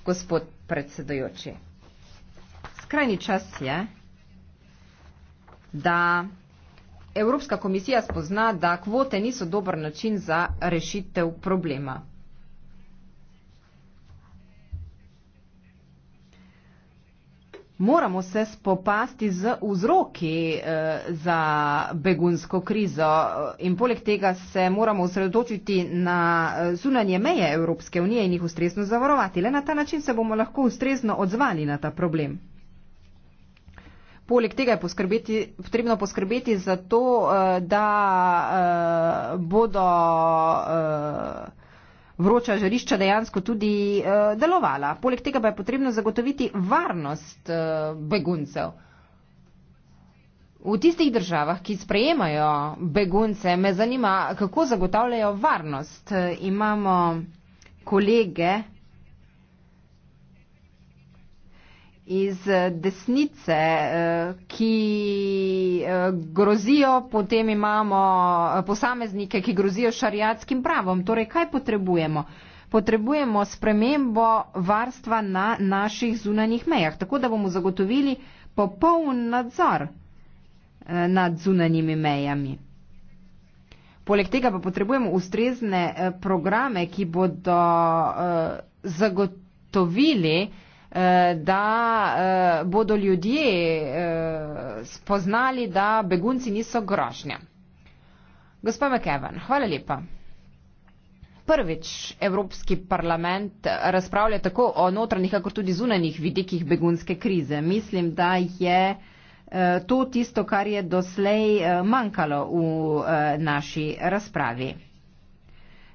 gospod predsedojoči. Skrajni čas je, da Evropska komisija spozna, da kvote niso dober način za rešitev problema. Moramo se spopasti z vzroki eh, za begunsko krizo eh, in poleg tega se moramo osredotočiti na eh, zunanje meje Evropske unije in jih ustrezno zavarovati. Le na ta način se bomo lahko ustrezno odzvali na ta problem poleg tega je poskrbeti, potrebno poskrbeti za to, eh, da eh, bodo eh, vroča žarišča dejansko tudi delovala. Poleg tega pa je potrebno zagotoviti varnost beguncev. V tistih državah, ki sprejemajo begunce, me zanima, kako zagotavljajo varnost. Imamo kolege. iz eh, desnice, eh, ki eh, grozijo, potem imamo posameznike, ki grozijo šariatskim pravom. Torej, kaj potrebujemo? Potrebujemo spremembo varstva na naših zunanjih mejah, tako da bomo zagotovili popoln nadzor nad zunanjimi mejami. Poleg tega pa potrebujemo ustrezne programe, ki bodo zagotovili, Eh, da eh, bodo ljudje eh, spoznali, da begunci niso grožnja. Gospa McEwan, hvala lepa. Prvič Evropski parlament razpravlja tako o notranjih, kakor tudi zunanjih vidikih begunske krize. Mislim, da je to tisto, kar je doslej manjkalo v naši razpravi.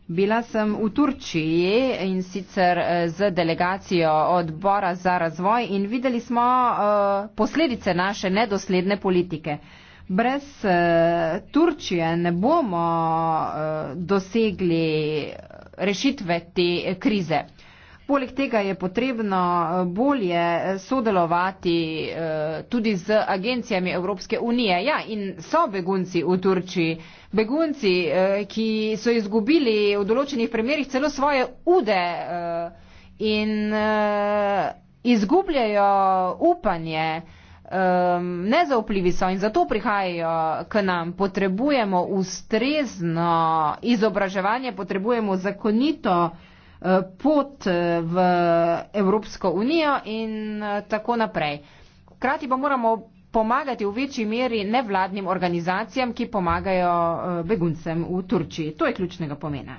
Bila sem v Turčiji in sicer eh, z delegacijo odbora za razvoj in videli smo eh, posledice naše nedosledne politike. Brez eh, Turčije ne bomo dosegli rešitve te krize. Poleg tega je potrebno eh, bolje eh, sodelovati eh, tudi z agencijami Evropske unije. Ja, in so begunci v Turčiji. Begunci, ki so izgubili v določenih primerjih celo svoje ude in izgubljajo upanje. Nezaupljivi so in zato prihajajo k nam. Potrebujemo ustrezno izobraževanje, potrebujemo zakonito Eh, pot eh, v Evropsko unijo in eh, tako naprej. Hkrati pa moramo pomagati v večji meri nevladnim organizacijam, ki pomagajo beguncem v Turčiji. To je ključnega pomena.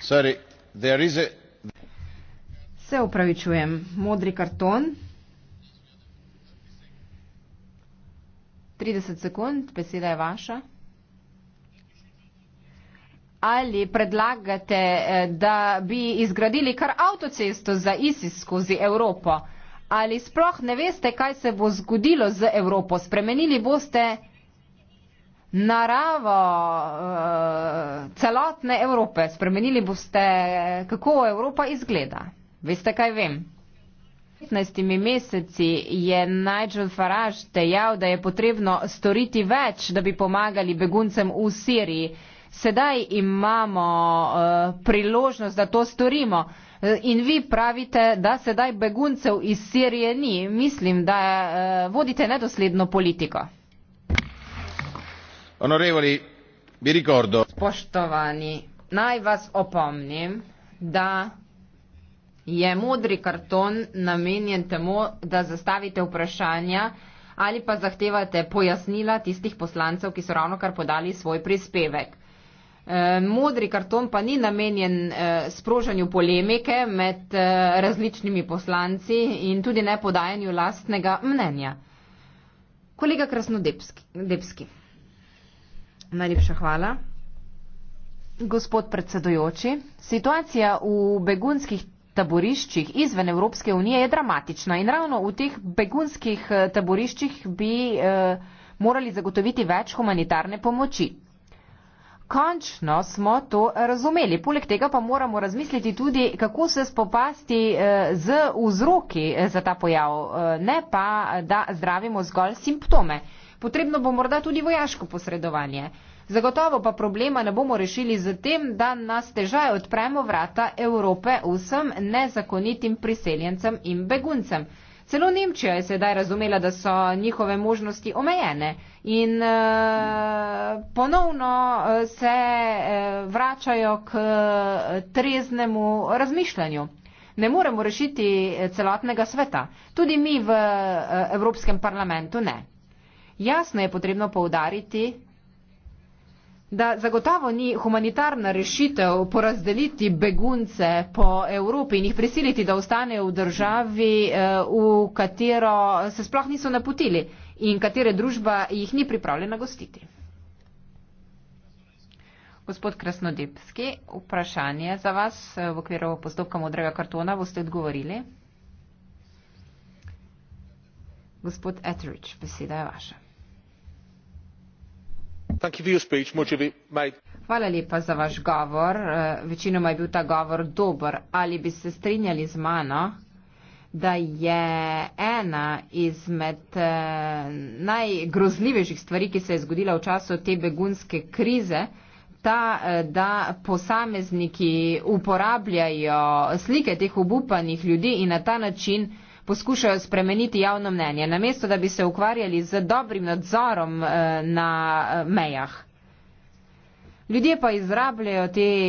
Sorry, there is a... Se upravičujem, modri karton. 30 sekund, beseda je vaša ali predlagate, eh, da bi izgradili kar avtocesto za ISIS skozi Evropo? Ali sploh ne veste, kaj se bo zgodilo z Evropo? Spremenili boste naravo uh, celotne Evrope? Spremenili boste, kako Evropa izgleda? Veste, kaj vem? V 15 meseci je Nigel Farage dejal, da je potrebno storiti več, da bi pomagali beguncem v Siriji sedaj imamo uh, priložnost, da to storimo. Eh, in vi pravite, da sedaj beguncev iz Sirije ni. Mislim, da uh, vodite nedosledno politiko. Onorevoli, bi ricordo. Spoštovani, naj vas opomnim, da je modri karton namenjen temu, da zastavite vprašanja ali pa zahtevate pojasnila tistih poslancev, ki so ravno kar podali svoj prispevek. Eh, modri karton pa ni namenjen eh, sprožanju polemike med eh, različnimi poslanci in tudi ne podajanju lastnega mnenja. Kolega Krasnodebski, najlepša hvala. Gospod predsedojoči, situacija v begunskih taboriščih izven Evropske unije je dramatična in ravno v teh begunskih taboriščih bi eh, morali zagotoviti več humanitarne pomoči. Končno smo to razumeli. Poleg tega pa moramo razmisliti tudi, kako se spopasti eh, z vzroki eh, za ta pojav, eh, ne pa, da zdravimo zgolj simptome. Potrebno bo morda tudi vojaško posredovanje. Zagotovo pa problema ne bomo rešili z tem, da nas težaj odpremo vrata Evrope vsem nezakonitim priseljencem in beguncem. Celo Nemčija je sedaj razumela, da so njihove možnosti omejene in uh, ponovno eh, se uh, vračajo k uh, treznemu razmišljanju. Ne moremo rešiti celotnega sveta, tudi mi v uh, Evropskem parlamentu ne. Jasno je potrebno poudariti, da zagotovo ni humanitarna rešitev porazdeliti begunce po Evropi in jih prisiliti, da ostanejo v državi, eh, v katero se sploh niso naputili in katere družba jih ni pripravljena gostiti. Gospod Krasnodebski, vprašanje za vas eh, v okviru postopka modrega kartona. Boste odgovorili? Gospod Etrič, beseda je vaša. Hvala lepa za vaš govor. Eh, večinoma je bil ta govor dober. Ali bi se strinjali z mano, da je ena izmed eh, najgrozljivejših stvari, ki se je zgodila v času te begunske krize, ta, eh, da posamezniki uporabljajo slike teh obupanih ljudi in na ta način poskušajo spremeniti javno mnenje, namesto da bi se ukvarjali z dobrim nadzorom eh, na eh, mejah. Ljudje pa izrabljajo te